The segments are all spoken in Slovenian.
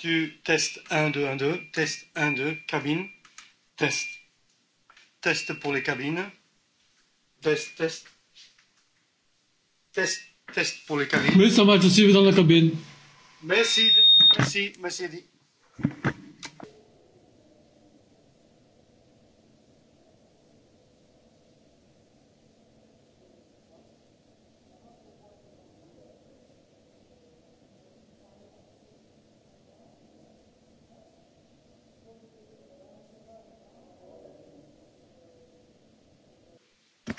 tu testes 1, 2, 1, 2, test 1, 2, cabine, test. Test pour les cabines, test, test. Test, test pour les cabines. Oui, ça va, je suis dans la cabine. Merci, merci, merci,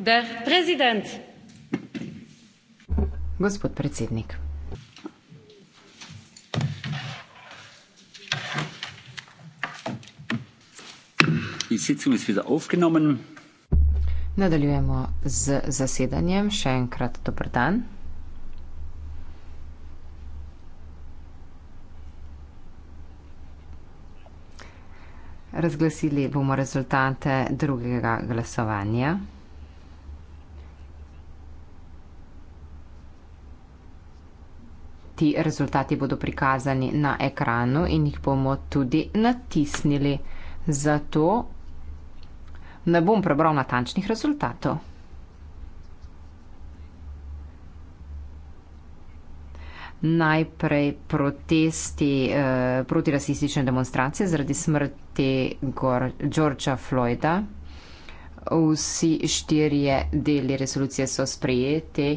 der Präsident. Gospod predsednik. Nadaljujemo z zasedanjem. Še enkrat dober dan. Razglasili bomo rezultate drugega glasovanja. ti rezultati bodo prikazani na ekranu in jih bomo tudi natisnili. Zato ne bom prebral natančnih rezultatov. Najprej protesti, eh, protirasistične demonstracije zaradi smrti Gor Georgea Floyda. Vsi štirje deli resolucije so sprejeti.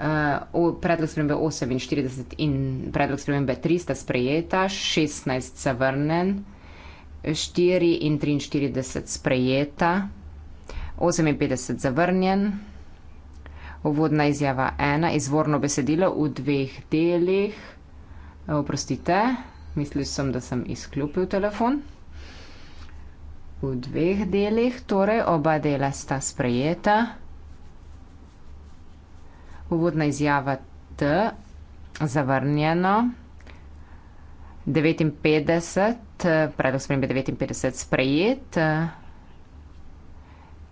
Eh, predlog spremembe 48 in predlog spremembe 300 sprejeta, 16 zavrnen, 4 in 43 sprejeta, 58 zavrnjen, uvodna izjava 1, izvorno besedilo v dveh delih. Eh, oprostite, mislil sem, da sem izklopil telefon. V dveh delih, torej oba dela sta sprejeta. Uvodna izjava T, zavrnjeno. 59, predlog spremembe 59 sprejet.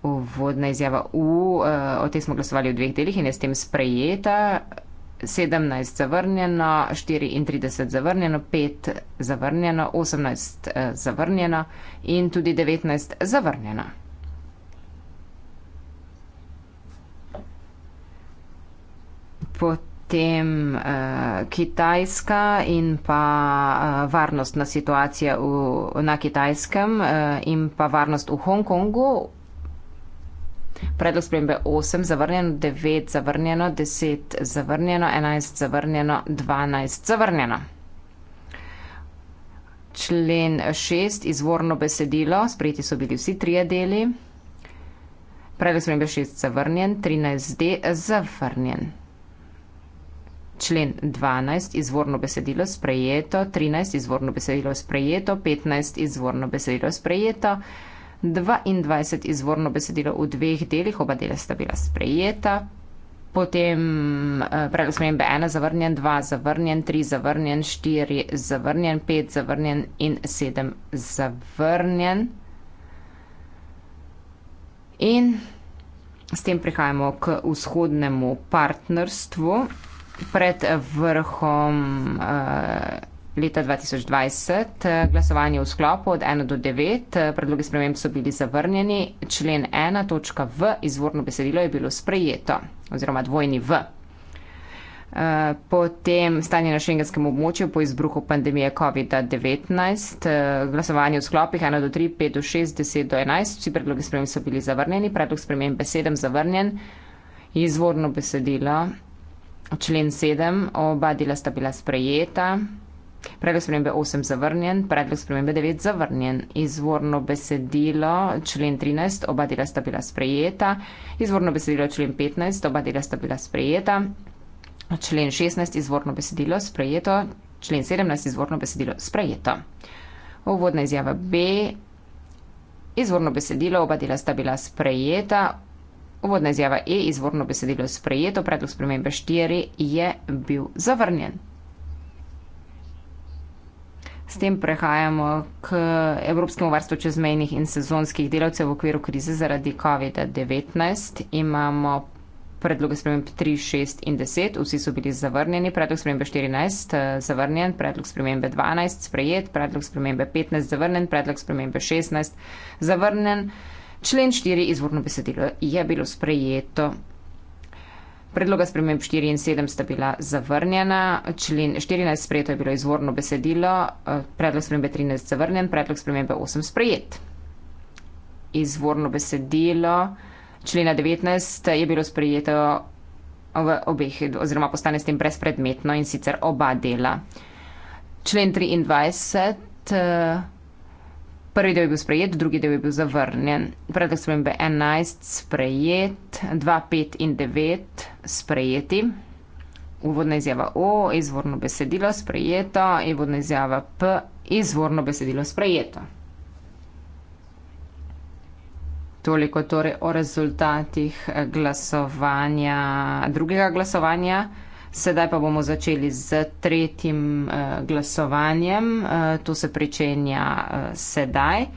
Uvodna izjava U, eh, o tem smo glasovali v dveh delih in je s tem sprejeta. 17 zavrnjeno, 34 zavrnjeno, 5 zavrnjeno, 18 eh, zavrnjeno in tudi 19 zavrnjeno. potem uh, Kitajska in pa uh, varnostna situacija v, na Kitajskem uh, in pa varnost v Hongkongu. Predlog spremembe 8 zavrnjeno, 9 zavrnjeno, 10 zavrnjeno, 11 zavrnjeno, 12 zavrnjeno. Člen 6, izvorno besedilo, sprejeti so bili vsi trije deli. Predlog spremembe 6 zavrnjen, 13 D zavrnjen člen 12 izvorno besedilo sprejeto, 13 izvorno besedilo sprejeto, 15 izvorno besedilo sprejeto, 22 izvorno besedilo v dveh delih, oba dela sta bila sprejeta, potem eh, predlog spremembe 1 zavrnjen, 2 zavrnjen, 3 zavrnjen, 4 zavrnjen, 5 zavrnjen in 7 zavrnjen. In s tem prihajamo k vzhodnemu partnerstvu pred vrhom eh, leta 2020 eh, glasovanje v sklopu od 1 do 9. Eh, predlogi sprememb so bili zavrnjeni. Člen 1 točka v izvorno besedilo je bilo sprejeto oziroma dvojni v. Potem stanje na šengenskem območju po izbruhu pandemije COVID-19, glasovanje v sklopih 1 do 3, 5 do 6, 10 do 11, vsi predlogi sprememb so bili zavrnjeni, predlog spremembe 7 zavrnjen, izvorno besedilo Člen 7, oba dela sta bila sprejeta, predlog spremembe 8 zavrnjen, predlog spremembe 9 zavrnjen. Izvorno besedilo, člen 13, oba dela sta bila sprejeta, izvorno besedilo, člen 15, oba dela sta bila sprejeta, člen 16, izvorno besedilo sprejeto, člen 17, izvorno besedilo sprejeto. Uvodna izjava B, izvorno besedilo, oba dela sta bila sprejeta, Uvodna izjava E, izvorno besedilo je sprejeto, predlog spremembe 4 je bil zavrnjen. S tem prehajamo k Evropskemu varstvu čezmejnih in sezonskih delavcev v okviru krize zaradi COVID-19. Imamo predloge sprememb 3, 6 in 10, vsi so bili zavrnjeni, predlog spremembe 14 eh, zavrnjen, predlog spremembe 12 sprejet, predlog spremembe 15 zavrnjen, predlog spremembe 16 zavrnjen. Člen 4 izvorno besedilo je bilo sprejeto. Predloga sprememb 4 in 7 sta bila zavrnjena, člen 14 sprejeto je bilo izvorno besedilo, eh, predlog spremembe 13 zavrnjen, predlog spremembe 8 sprejet. Izvorno besedilo člena 19 je bilo sprejeto v obeh, oziroma postane s tem brezpredmetno in sicer oba dela. Člen 23. Prvi del je bil sprejet, drugi del je bil zavrnjen. Predlog spremembe 11 sprejet, 2, 5 in 9 sprejeti. Uvodna izjava O, izvorno besedilo sprejeto, uvodna izjava P, izvorno besedilo sprejeto. Toliko torej o rezultatih glasovanja, drugega glasovanja. Sedaj pa bomo začeli z tretjim uh, glasovanjem. Uh, to se pričenja uh, sedaj uh,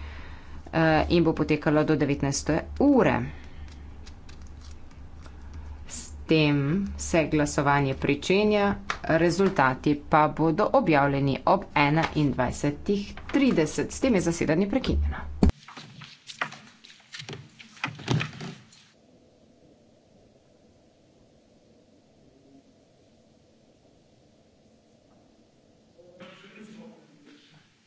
in bo potekalo do 19. ure. S tem se glasovanje pričenja, rezultati pa bodo objavljeni ob 21.30. S tem je zasedanje prekinjeno.